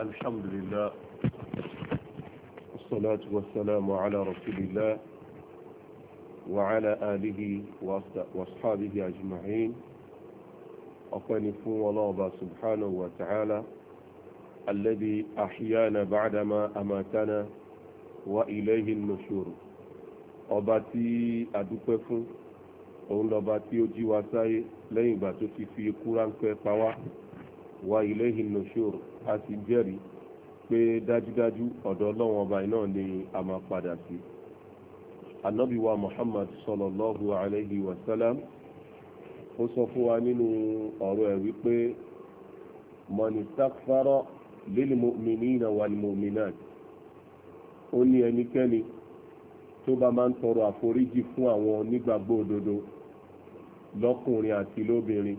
الحمد لله والصلاة والسلام على رسول الله وعلى آله وأصحابه أجمعين أقني فون الله سبحانه وتعالى الذي أحيانا بعدما أماتنا وإليه النشور ọba tí a dúpẹ́ fún òun lọba tí ó jí wa wa ilayhi nushur a ti jẹ́rìí pé dájúdájú ọ̀dọ̀ ọlọ́run ọba náà ni a máa padà sí. anabi muhammad sallallahu alayhi wa sallam ó sọ fún wa nínú ọ̀rọ̀ ẹ̀ wípé mọ̀nìtàkfàrọ̀ lilmu'minina walmu'minat ó ní ẹnikẹ́ni tó bá máa ń tọrọ àforíjì fún àwọn onígbàgbọ́ òdodo lọ́kùnrin àti lóbìnrin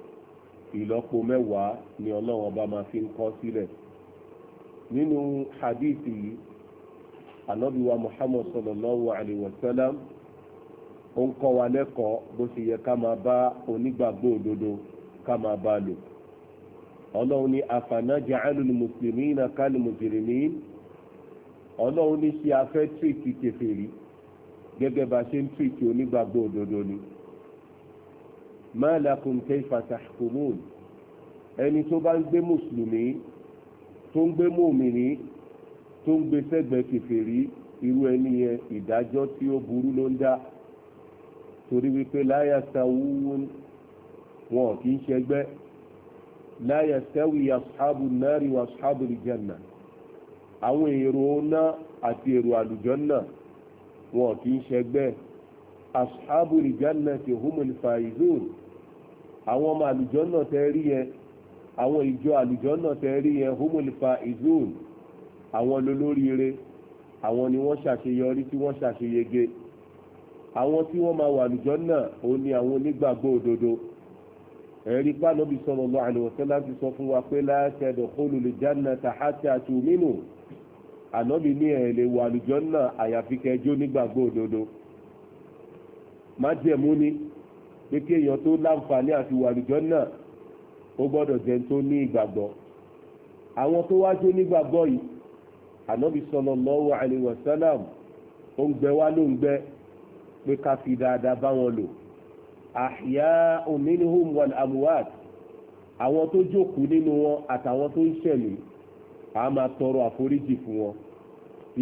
ìlọ́po mẹ́wàá ni ọlọ́run ọba máa fi ń sílẹ̀ nínú hadithi yìí anabiwa muhammad sallallahu alayhi wa sallam ó ń kọ́ wa lẹ́kọ̀ọ́ bó ṣe yẹ ká máa bá onígbàgbọ́ òdodo ká máa bá lò ọlọ́run ní afanaja'alu muslimina kal mujrimin ọlọ́run ní ṣe afẹ́ gẹ́gẹ́ bá ṣe ń ma lakum kayfa tahkumun ẹni tó bá ń gbé mùsùlùmí tó ń gbé mòmìnì tó ń gbé sẹ́gbẹ̀ẹ́ kèfèrí irú ẹni yẹn ìdájọ́ tí ó burú ló ń dá torí wípé láyà sáwúwún wọn kì í ṣẹgbẹ́ láyà sáwì asáàbù náírì wà asáàbù ìjànà àwọn èrò ọ̀nà àti èrò àlùjànnà wọn kì í ṣẹgbẹ́ asáàbù ìjànà ti húmùlì fàìzùn àwọn ọmọ àlùjọ náà tẹ rí yẹn àwọn ìjọ àlùjọ náà tẹ rí yẹn homolifa izun àwọn lolóríire àwọn ni wọ́n ṣàṣeyọrí tí wọ́n ṣàṣeyege àwọn tí wọ́n máa wà àlùjọ náà òun ni àwọn onígbàgbọ́ òdodo ẹ̀rí pàlọ́bì sallallahu alaihi wasallam ti sọ fún wa pé la tadkhulul jannata hatta tu'minu ànábì ní ẹ̀lẹ́ wà àlùjọ náà àyàfi kẹjọ nígbàgbọ́ òdodo májẹ̀mú ni. Àyàfi, pé kí èèyàn tó láǹfààní àti wàlùjọ́ náà ó gbọ́dọ̀ jẹ́ tó ní ìgbàgbọ́ àwọn tó wájú nígbàgbọ́ yìí ànábì sallallahu alaihi wasallam ó ń gbẹ wá ló ń gbẹ pé ká fi dáadáa bá wọn lò ahya'un minhum wal amwat àwọn tó jókòó nínú wọn àtàwọn tó ń ṣẹ̀mí a máa tọrọ àforíjì fún wọn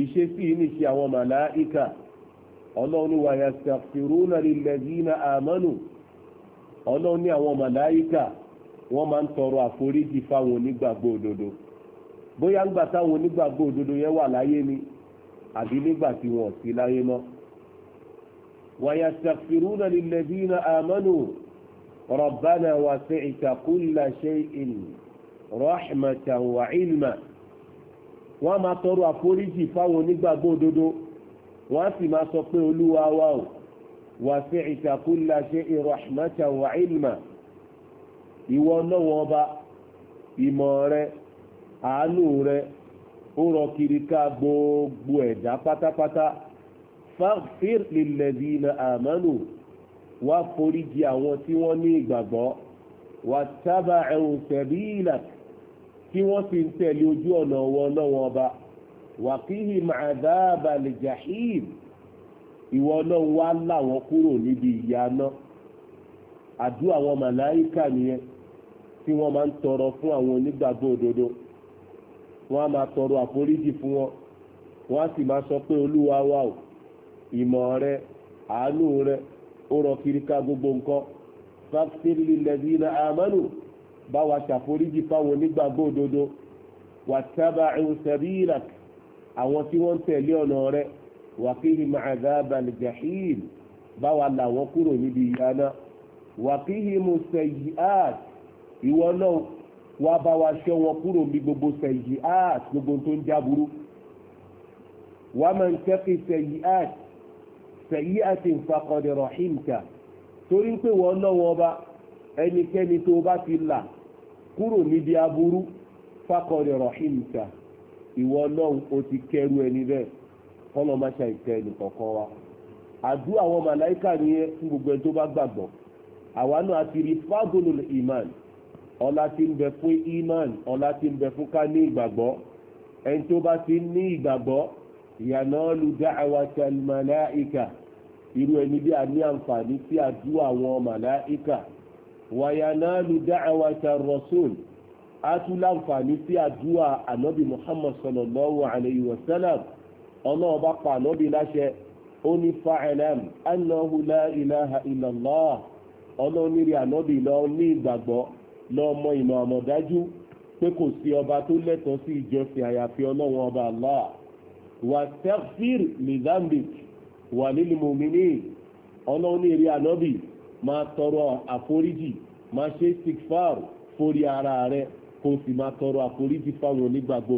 ìṣesí yìí nìṣe àwọn màláìka ọlọ́run wa yastaghfiruna lillazina amanu ọlọ́run ní àwọn màláyíkà wọ́n máa ń tọrọ àforíjì fáwọn onígbàgbọ́ òdodo bóyá ńgbà táwọn onígbàgbọ́ òdodo yẹn wà láyé ni àbí nígbà tí wọn ò sí láyé mọ́. ويستغفرون للذين آمنوا ربنا وسعت كل شيء رحمة وعلما wọ́n máa tọrọ àforíjì fáwọn onígbàgbọ́ òdodo wọ́n á sì máa sọ pé olúwa wa o وسعت كل شيء رحمة وعلما ìwọ náà ọba ìmọ̀ rẹ àánú rẹ ó rọ kiri ká gbogbo ẹ̀dá pátápátá fáfíìr lilladhina amanu wá foríjì àwọn tí wọ́n ní ìgbàgbọ́ wà tábà ẹ̀hùn sẹ̀bíìlà tí wọ́n sì ń tẹ̀lé ojú ọ̀nà wọn náà ọba wà kíhìm àdáàbà lè jàhìm ìwọ ọlọ́run wá là wọ́n kúrò níbi ìyà náà àdúrà àwọn màláìkà nìyẹn tí wọ́n máa ń tọrọ fún àwọn onígbàgbọ́ òdodo wọ́n á máa tọrọ àforíjì fún wọn wọ́n á sì máa sọ pé olúwa wa o ìmọ̀ rẹ àánú rẹ ó rọ kiri gbogbo nǹkan fàkìtìrì lẹ́dínà àmánù bá wa ṣàforíjì fáwọn onígbàgbọ́ òdodo wàtábà ẹ̀hùn sẹ́bíìlà àwọn tí wọ́n ń tẹ̀lé ọ̀nà rẹ̀ wàkìhì màdàbà jahim báwa làwọn kúrò níbi ìyáná wàkìhì musayyi'at ìwọ náà wá bá wa ṣọ́ wọn kúrò níbi gbogbo sayyi'at gbogbo tó ń jáburú wàá máa ń tẹ́kì sayyi'at sayyi'at faqad rahimta torí pé wọ́n náà wọ́n bá ẹnikẹ́ni tó bá ti là kúrò níbi aburú faqad rahimta ìwọ náà o ti kẹrù ẹni bẹ́ẹ̀ kọ́nà má ṣe ìtẹ́ ẹnìkọ̀ọ̀kan wa àdúrà àwọn màláìkà nìyẹn fún gbogbo ẹni tó bá gbàgbọ́ àwa náà ti rí fágolò iman ọlá ti ń bẹ fún iman ọlá ti ń bẹ fún ká ní ìgbàgbọ́ ẹni tó bá ti ní ìgbàgbọ́ ìyànà olùdáàwà tẹlmàláìkà irú ẹni bí a ní àǹfààní sí àdúrà àwọn màláìkà wàyànà olùdáàwà tẹrọsùn a tún láǹfààní sí àdúrà ànábì muhammad sallallahu alayhi wa sallam. ọlọ́run ọba pa ànábì láṣẹ ó ní fa'lam annahu la ilaha illallah ọlọ́run lọ ní ìgbàgbọ́ lọ́mọ ìmọ̀ àmọ̀dájú pé kò sí ọba tó lẹ́tọ̀ọ́ sí ìjọsìn àyàfi ọlọ́run ọba Allah wà tẹ́fìr wà tọrọ àforíjì máa ṣe sikfar forí ara rẹ sì máa tọrọ àforíjì fáwọn onígbàgbọ́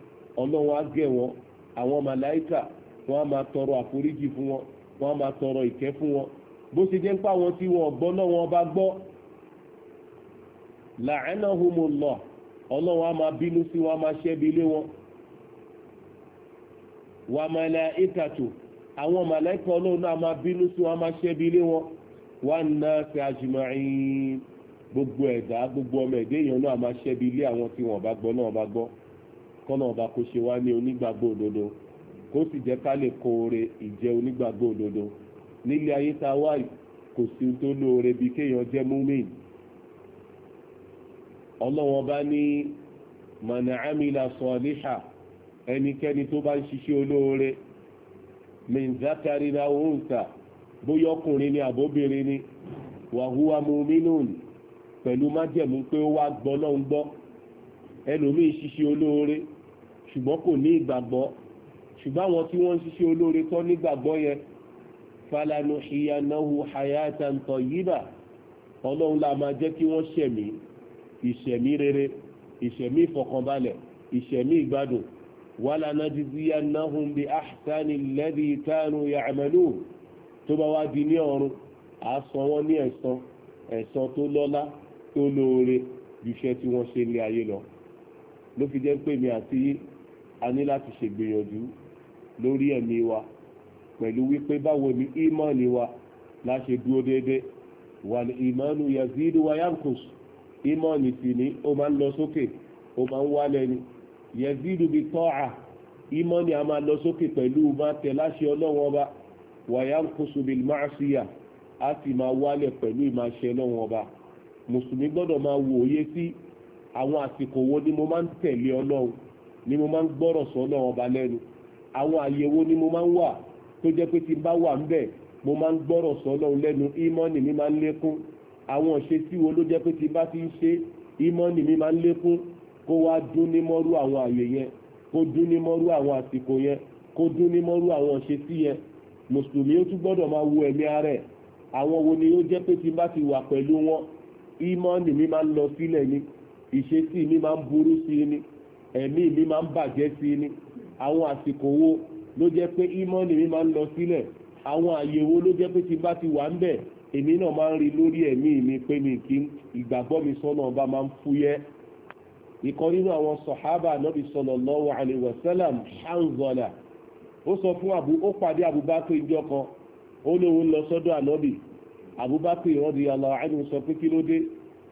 ọlọ́wọ́ á gẹ̀ wọ́n àwọn màláìkà wọ́n máa tọrọ àforíjì fún wọn wọ́n tọrọ ìkẹ́ fún wọn bó ṣe jẹ́ ń pa wọn tí wọn gbọ́ náà wọn bá gbọ́ la'anahumullah ọlọ́wọ́n máa bínú sí wọn máa ṣẹ́bi ilé wọn wà màláìkàtù àwọn màláìkà ọlọ́run náà máa bínú sí wọn á máa ṣẹ́bi wọn gbogbo ọmọ ẹ̀dá èèyàn náà máa ṣẹ́bi ilé àwọn tí wọn bá gbọ́ kọ́nà ọba kó ṣe wá ní onígbàgbọ́ òdodo kó sì jẹ́ ká lè kó oore ìjẹ́ onígbàgbọ́ òdodo nílé ayé tá a wà kò sí tó lóore bí kéèyàn jẹ́ múmin ọlọ́wọ́n bá ní mọ̀nà àmìlà sọ̀ọ́líṣà ẹnikẹ́ni tó bá ń ṣiṣẹ́ olóore mìǹzákàrínà òǹtà bóyá ọkùnrin ni àbóbìnrin ni wàhúwa múminún pẹ̀lú májẹ̀mú pé ó wá gbọ́ náà ń gbọ́ ẹlòmíì ń ṣiṣẹ́ olóore ṣùgbọ́n kò ní ìgbàgbọ́ ṣùgbọ́n àwọn tí wọ́n ń ṣiṣẹ́ olóore tó nígbàgbọ́ yẹn falanu ìyànáhu hayatan tayyiba ọlọ́run la máa jẹ́ kí wọ́n ṣẹ̀mí ìṣẹ̀mí rere ìṣẹ̀mí ìfọkànbalẹ̀ ìṣẹ̀mí ìgbádùn wàlá najziyannahum bi ahsani alladhi kanu ya'malun tó bá wá di ní ọ̀run àá san ní ẹ̀san ẹ̀san tó lọ́lá tó lóore ju iṣẹ́ tí wọ́n ṣe ní ayé lọ ló fi jẹ́ pé mi àti a ní láti ṣègbìyànjú lórí ẹ̀mí wa pẹ̀lú wípé báwo ni ìmánì wa la ṣe dúró déédé wà ní ìmánu yazidu wa yankus ìmánì sì ni ó máa ń lọ sókè ó máa ń wálẹ̀ ni yazidu bi tọ́à ìmánì a máa lọ sókè pẹ̀lú máa tẹ̀ láṣẹ ọlọ́wọ́n ọba wa yankusu bil ma'siyah sì máa wálẹ̀ pẹ̀lú ìmáṣẹ ọlọ́wọ́n ọba mùsùlùmí gbọ́dọ̀ máa wòye sí àwọn àsìkò wo ni mo máa ń tẹ̀lé ọlọ́run ni mo máa ń gbọ́rọ̀ sọ ọlọ́run ọba lẹ́nu àwọn àyẹ̀wò ni mo máa ń wà tó jẹ́ pé tí n bá wà ń bẹ̀ mo máa ń gbọ́rọ̀ sọ ọlọ́run lẹ́nu ìmọ̀nì mi máa ń lékún àwọn ìṣesí wo ló jẹ́ pé tí bá ti ń ṣe ìmọ̀nì mi máa ń lékún kó wá dún ní mọ́rú àwọn àyè yẹn kó dún ní mọ́rú àwọn àsìkò yẹn kó dún ní mọ́rú àwọn ìṣesí yẹn mùsùlùmí ó tún gbọ́dọ̀ máa wo ẹ̀mí ara àwọn wo ni ó jẹ́ pé tí bá ti wà pẹ̀lú wọn ìmọ̀nì mi máa ń lọ sílẹ̀ ni ìṣesí mi máa ń burú sí i ni ẹ̀mí mi máa ń bàjẹ́ sí i ni àwọn àsìkò wo ló jẹ́ pé ímọ́nì mi máa ń lọ sílẹ̀ àwọn àyèwò ló jẹ́ pé tí bá ti wà ń bẹ̀ èmi náà máa ń rí lórí ẹ̀mí mi pé mi kí ìgbàgbọ́ mi sọ́nà ọba máa ń fúyẹ́ ìkan nínú àwọn sọ̀hábà ànábì sallallahu alaihi wasallam Hanzala ó sọ fún àbú ó pàdé Abubakar ìjọ kan ó lóun lọ sọ́dọ̀ ànábì Abubakar radiyallahu anhu sọ pé kí ló dé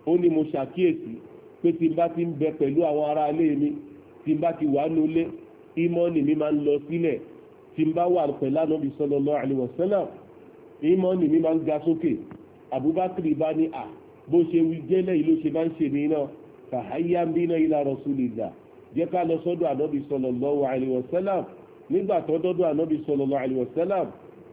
ó ní mo ṣàkíyèsí pé tí n bá ti ń bẹ pẹ̀lú àwọn ará ilé mi tí n bá ti wà nù lé ìmọ̀ọ́nì mi máa ń lọ sílẹ̀ tí n bá wà pẹ̀lú ànábì sallallahu alaihi wasallam ìmọ̀ọ́nì mi máa ń ga sókè Abubakar bá ní à bó ṣe wí jẹ́lẹ̀ yìí ló ṣe máa ń ṣe mí náà fàháyà ń bí náà ila rasulillah jẹ́ ká lọ sọ́dọ̀ ànábì sallallahu alaihi wasallam nígbà tó dọ́dọ̀ ànábì sallallahu alaihi wasallam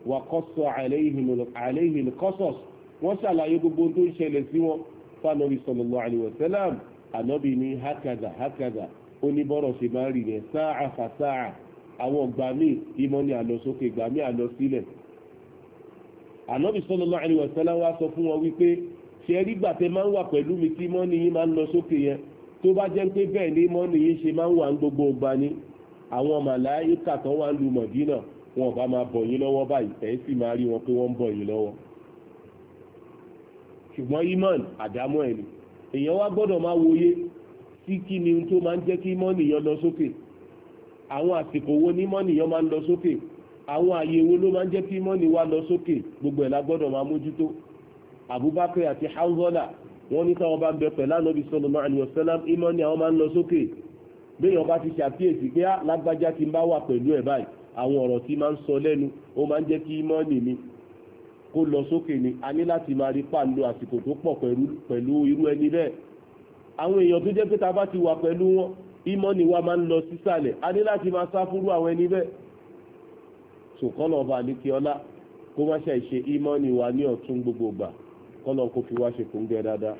wà kọ́sọ̀ àlẹ́yìn kọ́sọ̀s wọ́n ṣàlàyé gbogbo tó ń ṣẹlẹ̀ sí wọn fún ànábì sallallahu alaihi wasallam ànábì ní hakaza. hákàdà ó ní bọ́rọ̀ ṣe máa ń rí yẹn sáà fà sáà àwọn ìgbà míì ìmọ̀ ni àlọ sókè ìgbà míì àlọ sílẹ̀ ànábì sallallahu alaihi wasallam wá sọ fún wọn wípé ṣe rí gbà tẹ máa ń wà pẹ̀lú mi tí mọ́ ni yín máa ń lọ sókè yẹn tó bá jẹ́ pé bẹ́ẹ̀ ni mọ́ ni yín ṣe máa ń wà ń gbogbo ìgbà ni àwọn màláyíkà tó wà ń lu Mọ̀dínà wọn bá máa bọ̀ yín lọ́wọ́ báyìí ẹ̀ èèyàn wá gbọ́dọ̀ máa wòye sí kí ni tó máa ń jẹ́ kí mọ́nìyàn lọ sókè àwọn àsìkò wo ni mọ́nìyàn máa ń lọ sókè àwọn àyè wo ló máa ń jẹ́ kí mọ́nì wá lọ sókè gbogbo ẹ̀ la gbọ́dọ̀ máa mójútó Abubakar àti Hanzala wọ́n ní táwọn bá ń bẹ pẹ̀lú ànábì sallallahu alaihi wasallam ìmọ̀ni àwọn máa ń lọ sókè béèyàn bá ti ṣàkíyèsí pé ah, lágbájá ti bá wà pẹ̀lú ẹ̀ báyìí àwọn ọ̀rọ̀ tí máa ń sọ lẹ́nu ó máa ń jẹ́ kí ìmọ̀ni mi kó lọ sókè ni a ní láti máa rí pàǹdó àsìkò tó pọ̀ pẹ̀lú irú ẹni bẹ́ẹ̀ àwọn èèyàn tó jẹ́ pé ti wà pẹ̀lú wọn ìmọ̀ ni wa máa ń lọ sísàlẹ̀ a ní láti máa sá fúrú àwọn ẹni bẹ́ẹ̀ ọba àlékè ọlá kó má ṣe ṣe ìmọ̀ ni wa ní gbogbo gbà kọ́lọ̀ kó fi wá ṣe kó ń dáadáa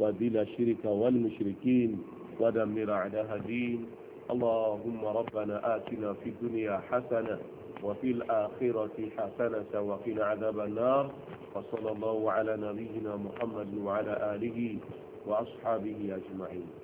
وبلا الشرك والمشركين ودمر أعداء الدين اللهم ربنا آتنا في الدنيا حسنة وفي الآخرة حسنة وقنا عذاب النار وصلى الله على نبينا محمد وعلى آله وأصحابه أجمعين